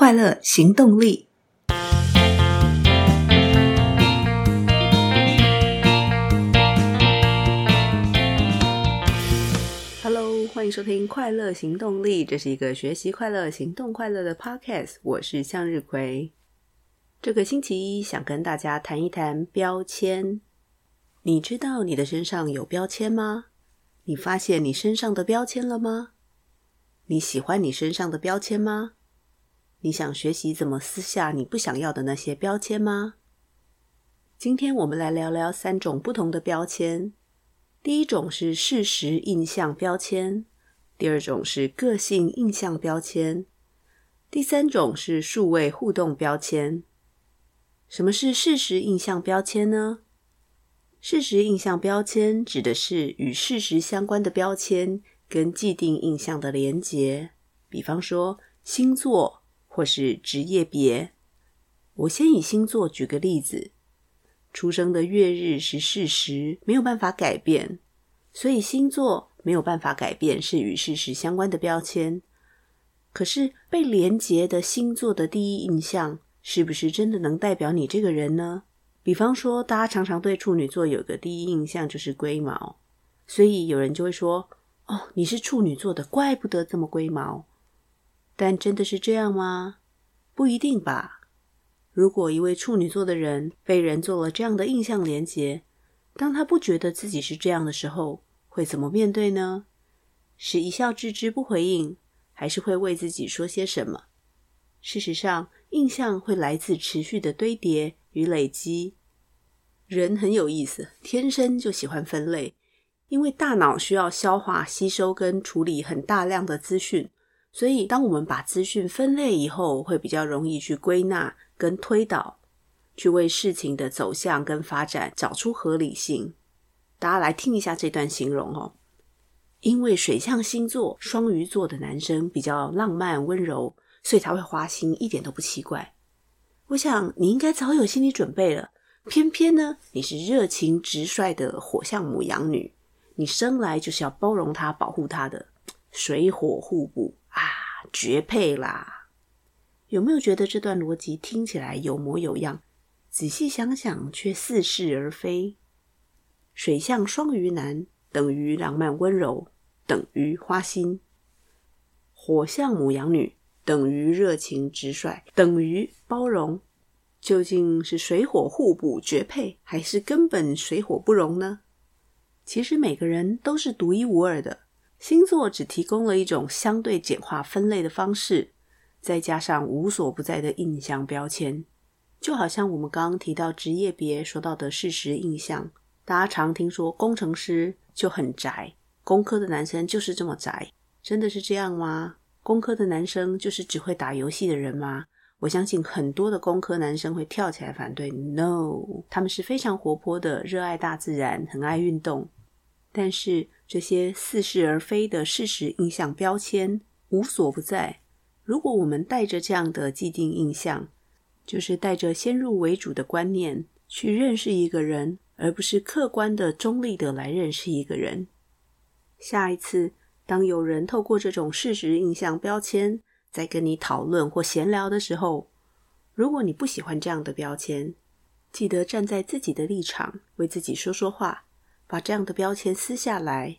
快樂行動力。Hello，歡迎收聽《快樂行動力》，這是一個學習快樂、行動快樂的 Podcast。我是向日葵。這個星期一想跟大家談一談標籤。你知道你的身上有標籤嗎？你發現你身上的標籤了嗎？你喜歡你身上的標籤嗎？你想學習怎麼撕下你不想要的那些標籤嗎？今天我們來聊聊三種不同的標籤。第一種是事實印象標籤，第二種是個性印象標籤，第三種是數位互動標籤。什麼是事實印象標籤呢？事實印象標籤指的是與事實相關的標籤跟既定印象的連結，比方說星座。或是職業別，我先以星座舉個例子，出生的月日是事實，沒有辦法改變，所以星座沒有辦法改變，是與事實相關的標籤。可是被連結的星座的第一印象，是不是真的能代表你這個人呢？比方說，大家常常對處女座有個第一印象就是龜毛，所以有人就會說：“哦，你是處女座的，怪不得這麼龜毛。”但真的是這樣嗎？不一定吧。如果一位處女座的人被人做了這樣的印象連結，當他不覺得自己是這樣的時候，會怎麼面對呢？是一笑置之不回應，還是會為自己說些什麼？事實上，印象會來自持續的堆疊與累積。人很有意思，天生就喜歡分類，因為大腦需要消化、吸收跟處理很大量的資訊。所以，當我們把資訊分類以後，會比較容易去歸納跟推導，去為事情的走向跟發展找出合理性。大家來聽一下這段形容哦。因為水象星座雙魚座的男生比較浪漫溫柔，所以他會花心一點都不奇怪。我想你應該早有心理準備了。偏偏呢，你是熱情直率的火象牡羊女，你生來就是要包容他、保護他的，水火互補。啊，絕配啦！有沒有覺得這段邏輯聽起來有模有樣，仔細想想卻似是而非？水象雙魚男等於浪漫溫柔，等於花心；火象牡羊女等於熱情直率，等於包容。究竟是水火互補絕配，還是根本水火不容呢？其實每個人都是獨一無二的。星座只提供了一種相對簡化分類的方式，再加上無所不在的印象標籤，就好像我們剛剛提到職業別說到的事實印象。大家常聽說工程師就很宅，工科的男生就是這麼宅，真的是這樣嗎？工科的男生就是只會打遊戲的人嗎？我相信很多的工科男生會跳起來反對，No，他們是非常活潑的，熱愛大自然，很愛運動，但是，這些似是而非的事實印象標籤無所不在。如果我們帶着這樣的既定印象，就是帶着先入為主的觀念去認識一個人，而不是客觀的、中立的來認識一個人。下一次，當有人透過這種事實印象標籤在跟你討論或閒聊的時候，如果你不喜歡這樣的標籤，記得站在自己的立場，為自己說說話。把這樣的標籤撕下來，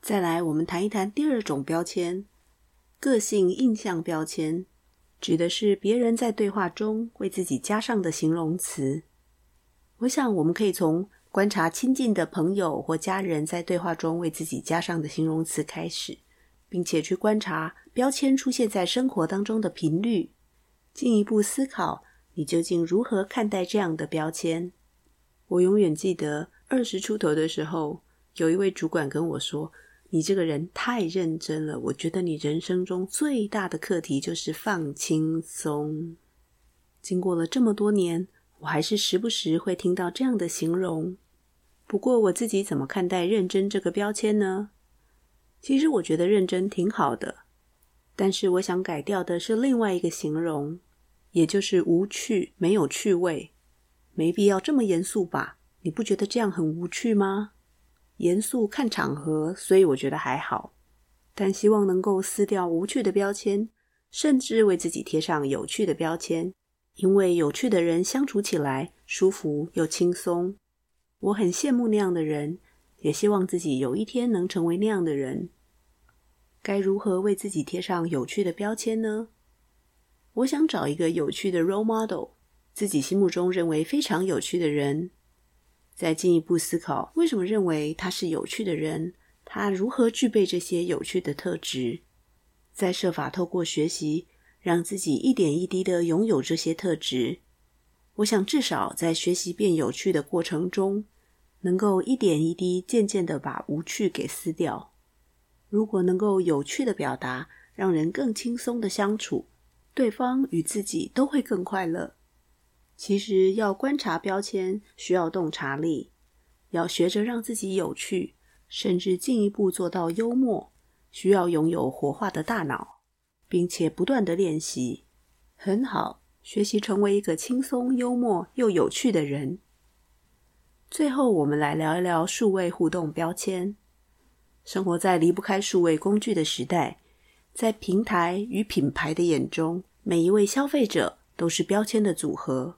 再來，我們談一談第二種標籤——個性印象標籤，指的是別人在對話中為自己加上的形容詞。我想，我們可以從觀察親近的朋友或家人在對話中為自己加上的形容詞開始，並且去觀察標籤出現在生活當中的頻率，進一步思考你究竟如何看待這樣的標籤。我永遠記得，二十出頭的時候，有一位主管跟我說：“你這個人太認真了，我覺得你人生中最大的課題就是放輕鬆。”經過了這麼多年，我還是時不時會聽到這樣的形容。不過我自己怎麼看待“認真”這個標籤呢？其實我覺得認真挺好的，但是我想改掉的是另外一個形容，也就是無趣、沒有趣味，沒必要這麼嚴肅吧。你不覺得這樣很無趣嗎？嚴肅看場合，所以我覺得還好。但希望能夠撕掉無趣的標籤，甚至為自己貼上有趣的標籤，因為有趣的人相處起來舒服又輕鬆。我很羨慕那樣的人，也希望自己有一天能成為那樣的人。該如何為自己貼上有趣的標籤呢？我想找一個有趣的 role model，自己心目中認為非常有趣的人。再進一步思考，為什麼認為他是有趣的人？他如何具備這些有趣的特質？再設法透過學習，讓自己一點一滴的擁有這些特質。我想，至少在學習變有趣的過程中，能夠一點一滴、漸漸的把無趣給撕掉。如果能夠有趣的表達，讓人更輕鬆的相處，對方與自己都會更快樂。其實要觀察標籤，需要洞察力，要學着讓自己有趣，甚至進一步做到幽默，需要擁有活化的大腦，並且不斷的練習。很好，學習成為一個輕鬆幽默又有趣的人。最後，我們來聊一聊數位互動標籤。生活在離不開數位工具的時代，在平台與品牌的眼中，每一位消費者都是標籤的組合。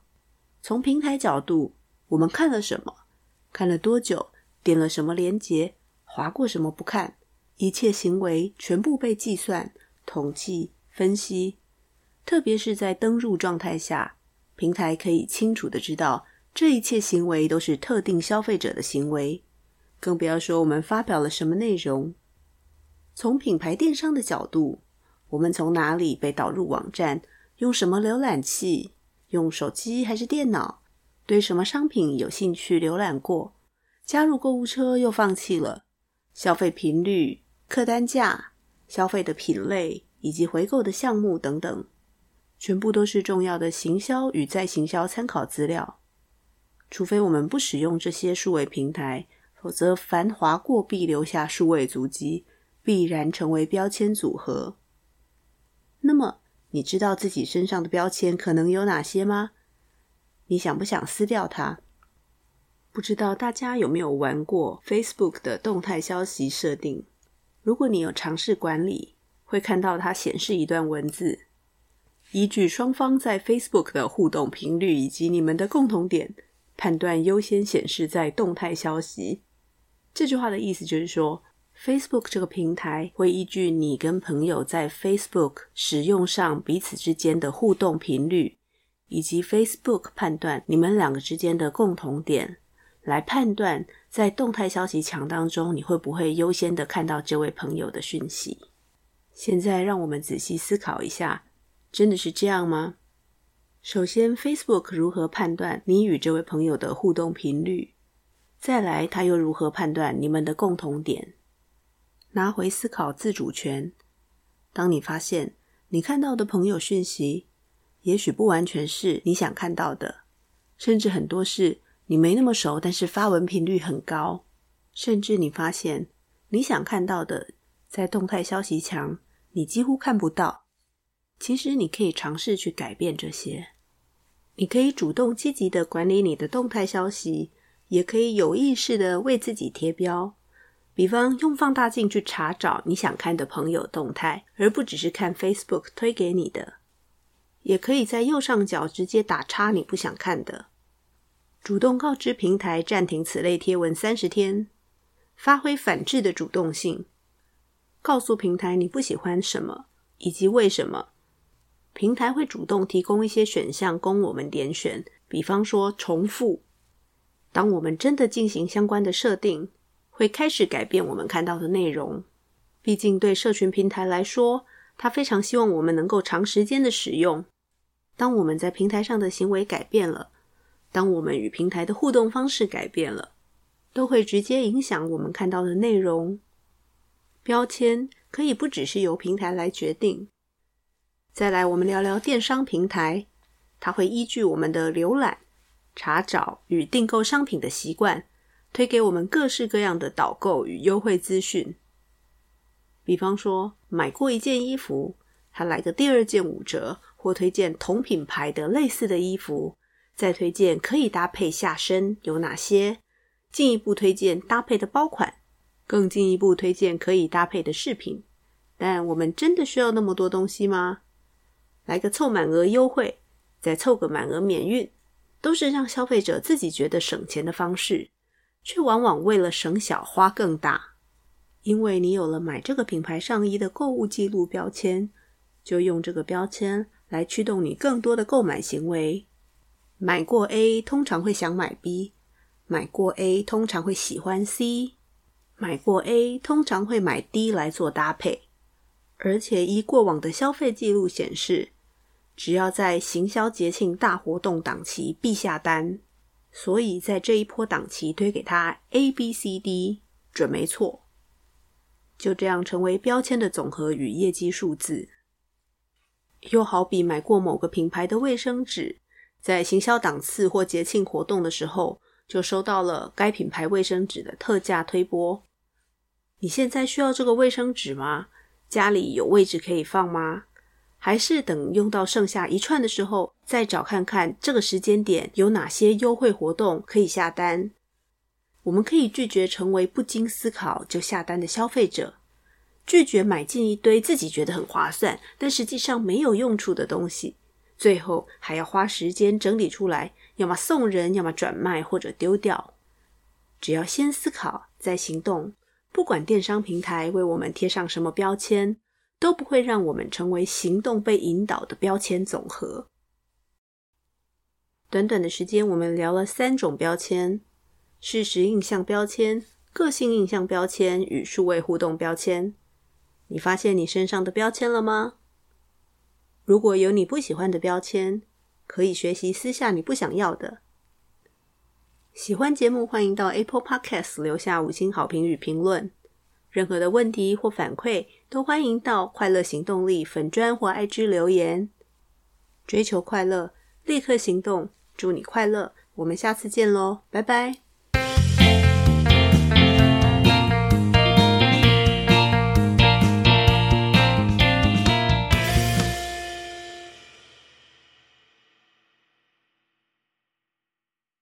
從平台角度，我們看了什麼，看了多久，點了什麼連結，划過什麼不看，一切行為全部被計算、統計、分析。特別是在登入狀態下，平台可以清楚地知道這一切行為都是特定消費者的行為。更不要說我們發表了什麼內容。從品牌電商的角度，我們從哪裡被導入網站，用什麼瀏覽器。用手機還是電腦？對什麼商品有興趣？瀏覽過，加入購物車又放棄了？消費頻率、客單價、消費的品類以及回購的項目等等，全部都是重要的行銷與再行銷參考資料。除非我們不使用這些數位平台，否則凡滑過必留下數位足跡，必然成為標籤組合。那麼，你知道自己身上的標籤可能有哪些嗎？你想不想撕掉它？不知道大家有沒有玩過 Facebook 的動態消息設定？如果你有嘗試管理，會看到它顯示一段文字，依據雙方在 Facebook 的互動頻率以及你們的共同點，判斷優先顯示在動態消息。這句話的意思就是說，Facebook 這個平台會依據你跟朋友在 Facebook 使用上彼此之間的互動頻率，以及 Facebook 判斷你們兩個之間的共同點，來判斷在動態消息牆當中你會不會優先的看到這位朋友的訊息。現在讓我們仔細思考一下，真的是這樣嗎？首先，Facebook 如何判斷你與這位朋友的互動頻率？再來，他又如何判斷你們的共同點？拿回思考自主權。當你發現你看到的朋友訊息，也許不完全是你想看到的，甚至很多事你沒那麼熟，但是發文頻率很高。甚至你發現你想看到的，在動態消息牆你幾乎看不到。其實你可以嘗試去改變這些。你可以主動積極的管理你的動態消息，也可以有意識的為自己貼標。比方用放大鏡去查找你想看的朋友動態，而不只是看 Facebook 推給你的。也可以在右上角直接打叉你不想看的。主動告知平台暫停此類貼文三十天，發揮反制的主動性，告訴平台你不喜歡什麼以及為什麼。平台會主動提供一些選項供我們點選，比方說重複。當我們真的進行相關的設定。會開始改變我們看到的內容。畢竟，對社群平台來說，它非常希望我們能夠長時間的使用。當我們在平台上的行為改變了，當我們與平台的互動方式改變了，都會直接影響我們看到的內容。標籤可以不只是由平台來決定。再來，我們聊聊電商平台，它會依據我們的瀏覽、查找與訂購商品的習慣。推給我們各式各樣的導購與優惠資訊，比方說買過一件衣服，還來個第二件五折，或推薦同品牌的類似的衣服，再推薦可以搭配下身有哪些，進一步推薦搭配的包款，更進一步推薦可以搭配的飾品。但我們真的需要那麼多東西嗎？來個湊滿額優惠，再湊個滿額免運，都是讓消費者自己覺得省錢的方式。卻往往為了省小花更大，因為你有了買這個品牌上衣的購物記錄標籤，就用這個標籤來驅動你更多的購買行為。買過 A，通常會想買 B；買過 A，通常會喜歡 C；買過 A，通常會買 D 來做搭配。而且，依過往的消費記錄顯示，只要在行銷節慶大活動檔期必下單。所以在這一波檔期推給他 A、B、C、D，準沒錯，就這樣成為標籤的總和與業績數字。又好比買過某個品牌的衛生紙，在行銷檔次或節慶活動的時候，就收到了該品牌衛生紙的特價推播。你現在需要這個衛生紙嗎？家裡有位置可以放嗎？還是等用到剩下一串的時候，再找看看這個時間點有哪些優惠活動可以下單。我們可以拒絕成為不經思考就下單的消費者，拒絕買進一堆自己覺得很划算，但實際上沒有用處的東西，最後還要花時間整理出來，要麼送人，要麼轉賣或者丟掉。只要先思考再行動，不管電商平台為我們貼上什麼標籤。都不會讓我們成為行動被引導的標籤總和。短短的時間，我們聊了三種標籤：事實印象標籤、個性印象標籤與數位互動標籤。你發現你身上的標籤了嗎？如果有你不喜歡的標籤，可以學習撕下你不想要的。喜歡節目，歡迎到 Apple Podcasts 留下五星好評與評論。任何的問題或反饋，都歡迎到快樂行動力粉專或 IG 留言。追求快樂，立刻行動，祝你快樂！我們下次見嘍，拜拜。